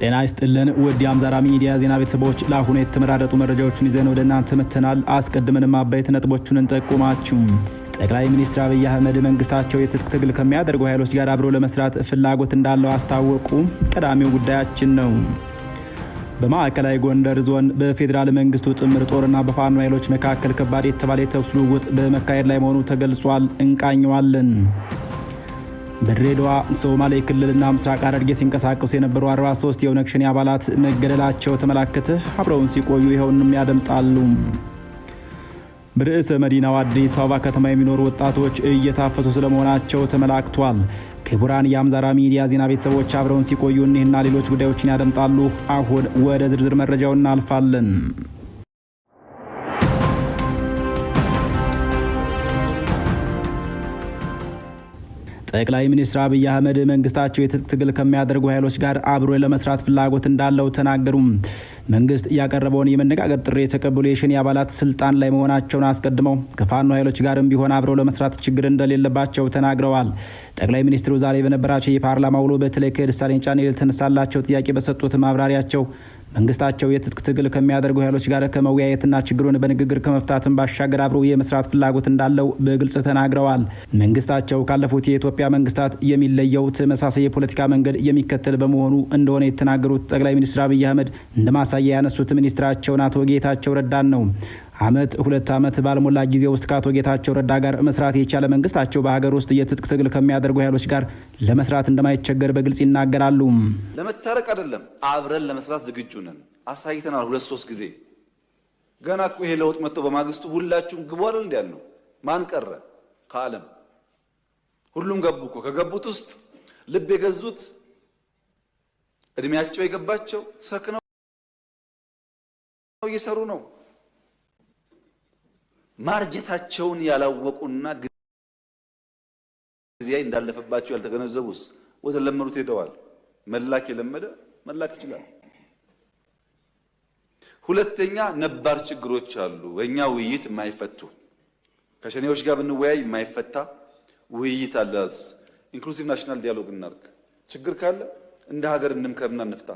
ጤና ይስጥልን ውድ የአምዛራ ሚዲያ ዜና ቤተሰቦች፣ ለአሁኑ የተመራረጡ መረጃዎችን ይዘን ወደ እናንተ መተናል። አስቀድመንም አበይት ነጥቦቹን እንጠቁማችሁ። ጠቅላይ ሚኒስትር አብይ አህመድ መንግስታቸው የትጥቅ ትግል ከሚያደርጉ ኃይሎች ጋር አብሮ ለመስራት ፍላጎት እንዳለው አስታወቁ። ቀዳሚው ጉዳያችን ነው። በማዕከላዊ ጎንደር ዞን በፌዴራል መንግስቱ ጥምር ጦርና በፋኖ ኃይሎች መካከል ከባድ የተባለ የተኩስ ልውውጥ በመካሄድ ላይ መሆኑ ተገልጿል። እንቃኘዋለን። በድሬዳዋ ሶማሌ ክልልና ምስራቅ ሐረርጌ ሲንቀሳቀሱ የነበሩ 43 የኦነግ ሸኔ አባላት መገደላቸው ተመላከተ። አብረውን ሲቆዩ ይኸውንም ያደምጣሉ። በርዕሰ መዲናው አዲስ አበባ ከተማ የሚኖሩ ወጣቶች እየታፈሱ ስለመሆናቸው ተመላክቷል። ክቡራን የአምዛራ ሚዲያ ዜና ቤተሰቦች አብረውን ሲቆዩ እኒህና ሌሎች ጉዳዮችን ያደምጣሉ። አሁን ወደ ዝርዝር መረጃው እናልፋለን። ጠቅላይ ሚኒስትር አብይ አህመድ መንግስታቸው የትጥቅ ትግል ከሚያደርጉ ኃይሎች ጋር አብሮ ለመስራት ፍላጎት እንዳለው ተናገሩ። መንግስት ያቀረበውን የመነጋገር ጥሪ የተቀበሉ የሸኔ አባላት ስልጣን ላይ መሆናቸውን አስቀድመው ከፋኖ ኃይሎች ጋርም ቢሆን አብሮ ለመስራት ችግር እንደሌለባቸው ተናግረዋል። ጠቅላይ ሚኒስትሩ ዛሬ በነበራቸው የፓርላማ ውሎ በተለይ ከደሳለኝ ጫኔ ለተነሳላቸው ጥያቄ በሰጡት ማብራሪያቸው መንግስታቸው የትጥቅ ትግል ከሚያደርጉ ኃይሎች ጋር ከመወያየትና ችግሩን በንግግር ከመፍታትን ባሻገር አብሮ የመስራት ፍላጎት እንዳለው በግልጽ ተናግረዋል። መንግስታቸው ካለፉት የኢትዮጵያ መንግስታት የሚለየው ተመሳሳይ የፖለቲካ መንገድ የሚከተል በመሆኑ እንደሆነ የተናገሩት ጠቅላይ ሚኒስትር አብይ አህመድ እንደ ማሳያ ያነሱት ሚኒስትራቸውን አቶ ጌታቸው ረዳን ነው። አመት ሁለት አመት ባልሞላ ጊዜ ውስጥ ከአቶ ጌታቸው ረዳ ጋር መስራት የቻለ መንግስታቸው በሀገር ውስጥ የትጥቅ ትግል ከሚያደርጉ ኃይሎች ጋር ለመስራት እንደማይቸገር በግልጽ ይናገራሉ። ለመታረቅ አይደለም አብረን ለመስራት ዝግጁ ነን፣ አሳይተናል ሁለት ሶስት ጊዜ። ገና እኮ ይሄ ለውጥ መጥቶ በማግስቱ ሁላችሁም ግቡ አይደል እንዲያል ነው። ማን ቀረ? ከዓለም ሁሉም ገቡ እኮ። ከገቡት ውስጥ ልብ የገዙት እድሜያቸው የገባቸው ሰክነው እየሰሩ ነው። ማርጀታቸውን ያላወቁና ጊዜ እንዳለፈባቸው ያልተገነዘቡስ ወደ ለመዱት ሄደዋል። መላክ የለመደ መላክ ይችላል። ሁለተኛ ነባር ችግሮች አሉ፣ በእኛ ውይይት የማይፈቱ ከሸኔዎች ጋር ብንወያይ የማይፈታ ውይይት አለስ ኢንክሉሲቭ ናሽናል ዲያሎግ እናርግ። ችግር ካለ እንደ ሀገር እንምከርና እንፍታ።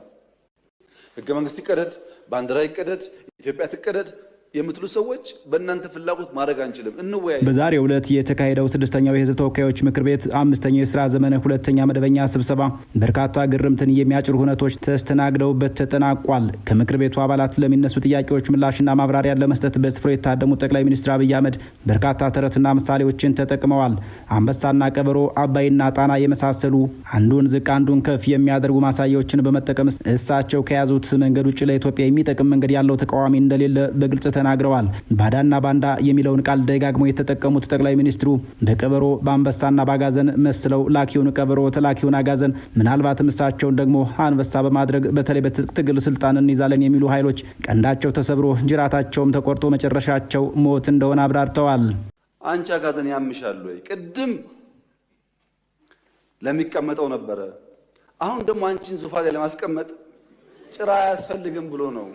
ህገ መንግስት ይቀደድ፣ ባንዲራ ይቀደድ፣ ኢትዮጵያ ትቀደድ የምትሉ ሰዎች በእናንተ ፍላጎት ማድረግ አንችልም፣ እንወያይ። በዛሬው ዕለት የተካሄደው ስድስተኛው የህዝብ ተወካዮች ምክር ቤት አምስተኛው የስራ ዘመን ሁለተኛ መደበኛ ስብሰባ በርካታ ግርምትን የሚያጭሩ ሁነቶች ተስተናግደውበት ተጠናቋል። ከምክር ቤቱ አባላት ለሚነሱ ጥያቄዎች ምላሽና ማብራሪያ ለመስጠት በስፍራው የታደሙት ጠቅላይ ሚኒስትር አብይ አህመድ በርካታ ተረትና ምሳሌዎችን ተጠቅመዋል። አንበሳና ቀበሮ፣ አባይና ጣና የመሳሰሉ አንዱን ዝቅ አንዱን ከፍ የሚያደርጉ ማሳያዎችን በመጠቀም እሳቸው ከያዙት መንገድ ውጭ ለኢትዮጵያ የሚጠቅም መንገድ ያለው ተቃዋሚ እንደሌለ በግልጽ ተናግረዋል። ባዳና ባንዳ የሚለውን ቃል ደጋግሞ የተጠቀሙት ጠቅላይ ሚኒስትሩ በቀበሮ በአንበሳና በአጋዘን መስለው ላኪውን ቀበሮ ተላኪውን አጋዘን ምናልባትም እሳቸውን ደግሞ አንበሳ በማድረግ በተለይ በትግል ስልጣን እንይዛለን የሚሉ ኃይሎች ቀንዳቸው ተሰብሮ ጅራታቸውም ተቆርጦ መጨረሻቸው ሞት እንደሆነ አብራርተዋል። አንቺ አጋዘን ያምሻሉ ወይ? ቅድም ለሚቀመጠው ነበረ። አሁን ደግሞ አንቺን ዙፋን ላይ ለማስቀመጥ ጭራ አያስፈልግም ብሎ ነው።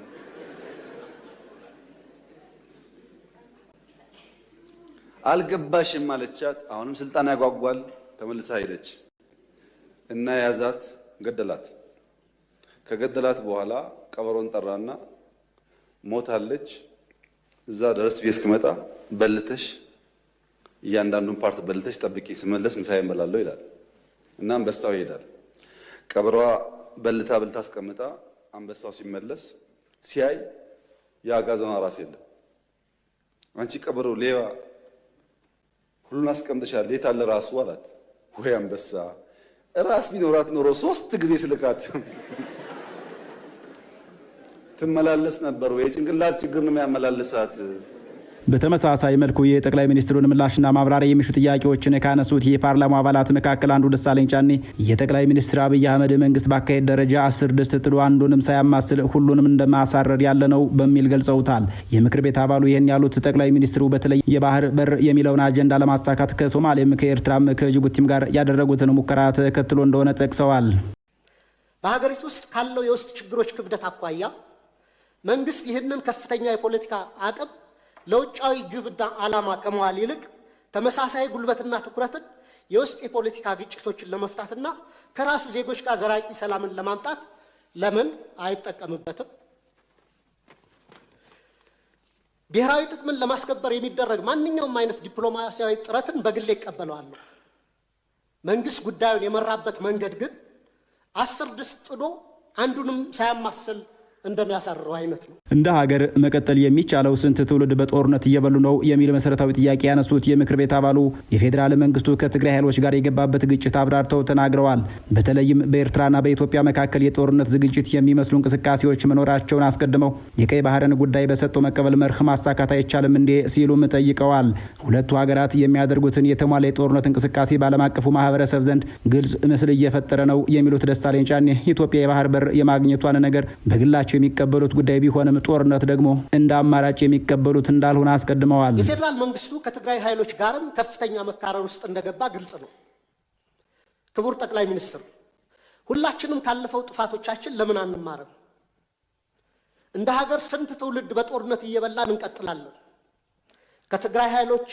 አልገባሽም አለቻት። አሁንም ስልጣን ያጓጓል። ተመልሳ ሄደች እና ያዛት፣ ገደላት። ከገደላት በኋላ ቀበሮን ጠራና ሞታለች፣ እዛ ድረስ ቤት እስክመጣ በልተሽ እያንዳንዱን ፓርት በልተሽ ጠብቂ፣ ስመለስ ምሳዬን እንበላለሁ ይላል እና አንበሳው ይሄዳል። ቀበሮዋ በልታ በልታ አስቀምጣ አንበሳው ሲመለስ ሲያይ የአጋዘኗ ራስ የለም። አንቺ ቀበሮ ሌባ ሁሉን አስቀምጥሻል የት አለ ራሱ አላት። ወይ አንበሳ ራስ ቢኖራት ኖሮ ሶስት ጊዜ ስልካት ትመላለስ ነበር። ወይ ጭንቅላት ችግር ነው የሚያመላልሳት። በተመሳሳይ መልኩ የጠቅላይ ሚኒስትሩን ምላሽና ማብራሪያ የሚሹ ጥያቄዎችን ካነሱት የፓርላማ አባላት መካከል አንዱ ደሳለኝ ጫኔ የጠቅላይ ሚኒስትር አብይ አህመድ መንግስት ባካሄድ ደረጃ አስር ድስት ጥሎ አንዱንም ሳያማስል ሁሉንም እንደማሳረር ያለ ነው በሚል ገልጸውታል። የምክር ቤት አባሉ ይህን ያሉት ጠቅላይ ሚኒስትሩ በተለይ የባህር በር የሚለውን አጀንዳ ለማሳካት ከሶማሌም ከኤርትራም ከጅቡቲም ጋር ያደረጉትን ሙከራ ተከትሎ እንደሆነ ጠቅሰዋል። በሀገሪቱ ውስጥ ካለው የውስጥ ችግሮች ክብደት አኳያ መንግስት ይህንን ከፍተኛ የፖለቲካ አቅም ለውጫዊ ግብና ዓላማ ከመዋል ይልቅ ተመሳሳይ ጉልበትና ትኩረትን የውስጥ የፖለቲካ ግጭቶችን ለመፍታትና ከራሱ ዜጎች ጋር ዘራቂ ሰላምን ለማምጣት ለምን አይጠቀምበትም? ብሔራዊ ጥቅምን ለማስከበር የሚደረግ ማንኛውም አይነት ዲፕሎማሲያዊ ጥረትን በግሌ ይቀበለዋለሁ። መንግስት ጉዳዩን የመራበት መንገድ ግን አስር ድስት ጥዶ አንዱንም ሳያማስል እንደሚያሳርረው አይነት ነው። እንደ ሀገር መቀጠል የሚቻለው ስንት ትውልድ በጦርነት እየበሉ ነው የሚል መሰረታዊ ጥያቄ ያነሱት የምክር ቤት አባሉ የፌዴራል መንግስቱ ከትግራይ ኃይሎች ጋር የገባበት ግጭት አብራርተው ተናግረዋል። በተለይም በኤርትራና በኢትዮጵያ መካከል የጦርነት ዝግጅት የሚመስሉ እንቅስቃሴዎች መኖራቸውን አስቀድመው የቀይ ባህርን ጉዳይ በሰጠው መቀበል መርህ ማሳካት አይቻልም እንዴ ሲሉም ጠይቀዋል። ሁለቱ ሀገራት የሚያደርጉትን የተሟላ የጦርነት እንቅስቃሴ በዓለም አቀፉ ማህበረሰብ ዘንድ ግልጽ ምስል እየፈጠረ ነው የሚሉት ደሳለኝ ጫኔ ኢትዮጵያ የባህር በር የማግኘቷን ነገር በግላ በግላቸው የሚቀበሉት ጉዳይ ቢሆንም ጦርነት ደግሞ እንደ አማራጭ የሚቀበሉት እንዳልሆነ አስቀድመዋል። የፌዴራል መንግስቱ ከትግራይ ኃይሎች ጋርም ከፍተኛ መካረር ውስጥ እንደገባ ግልጽ ነው። ክቡር ጠቅላይ ሚኒስትር፣ ሁላችንም ካለፈው ጥፋቶቻችን ለምን አንማርም? እንደ ሀገር ስንት ትውልድ በጦርነት እየበላን እንቀጥላለን? ከትግራይ ኃይሎች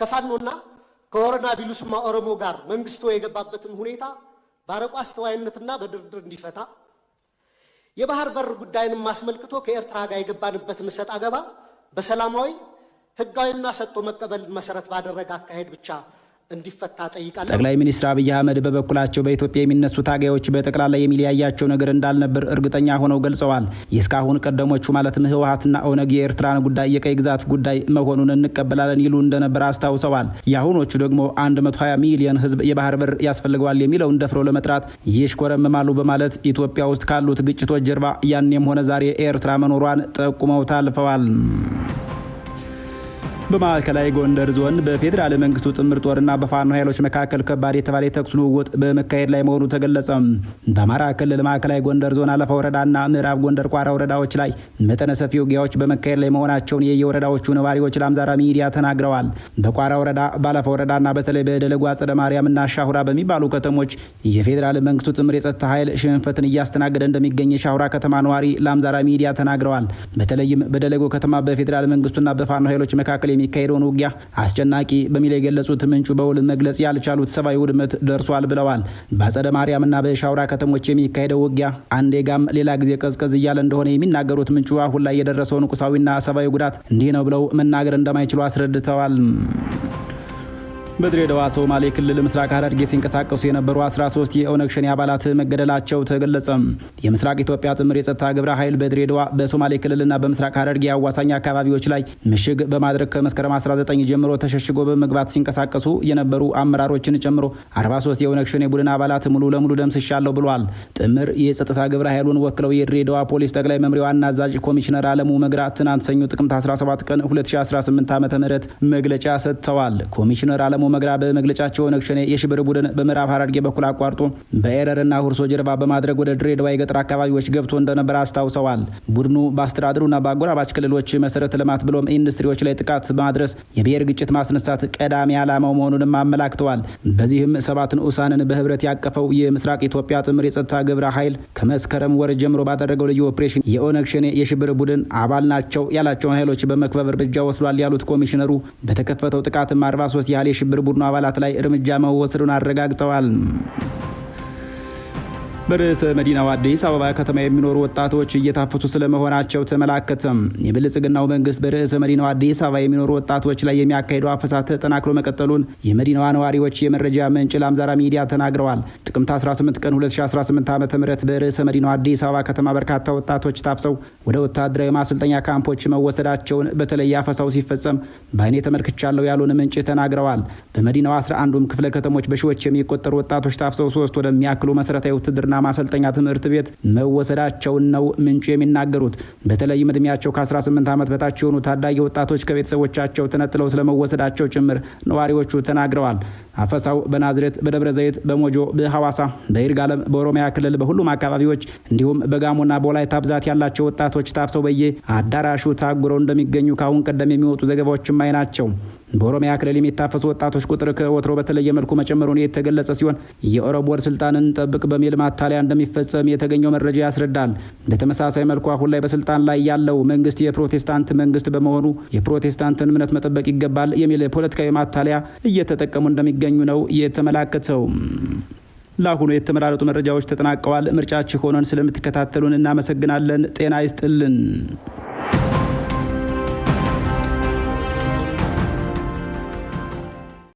ከፋኖና ከወረና ቢሉስማ ኦሮሞ ጋር መንግስቱ የገባበትን ሁኔታ በአርቆ አስተዋይነትና በድርድር እንዲፈታ የባህር በር ጉዳይንም አስመልክቶ ከኤርትራ ጋር የገባንበት ምሰጥ አገባ በሰላማዊ ህጋዊና ሰጥቶ መቀበል መሰረት ባደረገ አካሄድ ብቻ እንዲፈታ ጠይቃለሁ። ጠቅላይ ሚኒስትር አብይ አህመድ በበኩላቸው በኢትዮጵያ የሚነሱ ታጋዮች በጠቅላላ የሚለያያቸው ነገር እንዳልነበር እርግጠኛ ሆነው ገልጸዋል። የእስካሁን ቀደሞቹ ማለትም ህወሀትና ኦነግ የኤርትራን ጉዳይ የቀይ ግዛት ጉዳይ መሆኑን እንቀበላለን ይሉ እንደነበር አስታውሰዋል። የአሁኖቹ ደግሞ 120 ሚሊዮን ህዝብ የባህር በር ያስፈልገዋል የሚለውን ደፍረው ለመጥራት ይሽኮረምማሉ በማለት ኢትዮጵያ ውስጥ ካሉት ግጭቶች ጀርባ ያኔም ሆነ ዛሬ ኤርትራ መኖሯን ጠቁመው ታልፈዋል። በማዕከላዊ ጎንደር ዞን በፌዴራል መንግስቱ ጥምር ጦርና በፋኖ ኃይሎች መካከል ከባድ የተባለ የተኩስ ልውውጥ በመካሄድ ላይ መሆኑ ተገለጸ። በአማራ ክልል ማዕከላዊ ጎንደር ዞን አለፋ ወረዳና ምዕራብ ጎንደር ቋራ ወረዳዎች ላይ መጠነ ሰፊ ውጊያዎች በመካሄድ ላይ መሆናቸውን የየወረዳዎቹ ነዋሪዎች ለአምዛራ ሚዲያ ተናግረዋል። በቋራ ወረዳ ባለፈ ወረዳና በተለይ በደለጎ አጸደ ማርያምና ሻሁራ በሚባሉ ከተሞች የፌዴራል መንግስቱ ጥምር የጸጥታ ኃይል ሽንፈትን እያስተናገደ እንደሚገኝ የሻሁራ ከተማ ነዋሪ ለአምዛራ ሚዲያ ተናግረዋል። በተለይም በደለጎ ከተማ በፌዴራል መንግስቱና በፋኖ ኃይሎች መካከል የሚካሄደውን ውጊያ አስጨናቂ በሚል የገለጹት ምንጩ በውል መግለጽ ያልቻሉት ሰብአዊ ውድመት ደርሷል ብለዋል። በአጸደ ማርያምና በሻውራ ከተሞች የሚካሄደው ውጊያ አንዴ ጋም ሌላ ጊዜ ቀዝቀዝ እያለ እንደሆነ የሚናገሩት ምንጩ አሁን ላይ የደረሰውን ቁሳዊና ሰብአዊ ጉዳት እንዲህ ነው ብለው መናገር እንደማይችሉ አስረድተዋል። በድሬዳዋ ሶማሌ ክልል ምስራቅ ሐረርጌ ሲንቀሳቀሱ የነበሩ 13 የኦነግ ሸኔ አባላት መገደላቸው ተገለጸ። የምስራቅ ኢትዮጵያ ጥምር የጸጥታ ግብረ ኃይል በድሬዳዋ በሶማሌ ክልልና በምስራቅ ሐረርጌ አዋሳኝ አካባቢዎች ላይ ምሽግ በማድረግ ከመስከረም 19 ጀምሮ ተሸሽጎ በመግባት ሲንቀሳቀሱ የነበሩ አመራሮችን ጨምሮ 43 የኦነግ ሸኔ ቡድን አባላት ሙሉ ለሙሉ ደምስሻለሁ ብሏል። ጥምር የጸጥታ ግብረ ኃይሉን ወክለው የድሬዳዋ ፖሊስ ጠቅላይ መምሪያ ዋና አዛዥ ኮሚሽነር አለሙ መግራት ትናንት ሰኞ ጥቅምት 17 ቀን 2018 ዓ ም መግለጫ ሰጥተዋል። ኮሚሽነር አለሙ መግራ በመግለጫቸው ኦነግ ሸኔ የሽብር ቡድን በምዕራብ ሐረርጌ በኩል አቋርጦ በኤረርና ሁርሶ ጀርባ በማድረግ ወደ ድሬዳዋ የገጠር አካባቢዎች ገብቶ እንደነበር አስታውሰዋል። ቡድኑ በአስተዳደሩና በአጎራባች ክልሎች መሰረተ ልማት ብሎም ኢንዱስትሪዎች ላይ ጥቃት በማድረስ የብሔር ግጭት ማስነሳት ቀዳሚ ዓላማው መሆኑንም አመላክተዋል። በዚህም ሰባት ንዑሳንን በህብረት ያቀፈው የምስራቅ ኢትዮጵያ ጥምር የጸጥታ ግብረ ኃይል ከመስከረም ወር ጀምሮ ባደረገው ልዩ ኦፕሬሽን የኦነግ ሸኔ የሽብር ቡድን አባል ናቸው ያላቸውን ኃይሎች በመክበብ እርምጃ ወስዷል ያሉት ኮሚሽነሩ በተከፈተው ጥቃትም 43 ያህል የሽብር ቡድኑ አባላት ላይ እርምጃ መወሰዱን አረጋግጠዋል። በርዕሰ መዲናው አዲስ አበባ ከተማ የሚኖሩ ወጣቶች እየታፈሱ ስለመሆናቸው ተመላከተም። የብልጽግናው መንግስት በርዕሰ መዲናው አዲስ አበባ የሚኖሩ ወጣቶች ላይ የሚያካሄደው አፈሳ ተጠናክሮ መቀጠሉን የመዲናዋ ነዋሪዎች የመረጃ ምንጭ ለአምዛራ ሚዲያ ተናግረዋል። ጥቅምት 18 ቀን 2018 ዓ ም በርዕሰ መዲናው አዲስ አበባ ከተማ በርካታ ወጣቶች ታፍሰው ወደ ወታደራዊ ማሰልጠኛ ካምፖች መወሰዳቸውን በተለይ አፈሳው ሲፈጸም በአይኔ ተመልክቻለሁ ያሉን ምንጭ ተናግረዋል። በመዲናው 11ዱም ክፍለ ከተሞች በሺዎች የሚቆጠሩ ወጣቶች ታፍሰው ሶስት ወደሚያክሉ መሰረታዊ ውትድርና ማሰልጠኛ ትምህርት ቤት መወሰዳቸውን ነው ምንጩ የሚናገሩት። በተለይም እድሜያቸው ከ18 ዓመት በታች የሆኑ ታዳጊ ወጣቶች ከቤተሰቦቻቸው ተነጥለው ስለመወሰዳቸው ጭምር ነዋሪዎቹ ተናግረዋል። አፈሳው በናዝሬት፣ በደብረ ዘይት፣ በሞጆ፣ በሐዋሳ፣ በይርጋለም፣ በኦሮሚያ ክልል በሁሉም አካባቢዎች እንዲሁም በጋሞና በወላይታ ብዛት ያላቸው ወጣቶች ታፍሰው በየ አዳራሹ ታጉረው እንደሚገኙ ከአሁን ቀደም የሚወጡ ዘገባዎችም አይ ናቸው። በኦሮሚያ ክልል የሚታፈሱ ወጣቶች ቁጥር ከወትሮ በተለየ መልኩ መጨመሩን የተገለጸ ሲሆን የኦሮሞ ወር ስልጣንን ጠብቅ በሚል ማታለያ እንደሚፈጸም የተገኘው መረጃ ያስረዳል። በተመሳሳይ መልኩ አሁን ላይ በስልጣን ላይ ያለው መንግስት የፕሮቴስታንት መንግስት በመሆኑ የፕሮቴስታንትን እምነት መጠበቅ ይገባል የሚል ፖለቲካዊ ማታለያ እየተጠቀሙ እንደሚገኙ ነው የተመላከተው። ለአሁኑ የተመራረጡ መረጃዎች ተጠናቀዋል። ምርጫችሁ ሆነን ስለምትከታተሉን እናመሰግናለን። ጤና ይስጥልን።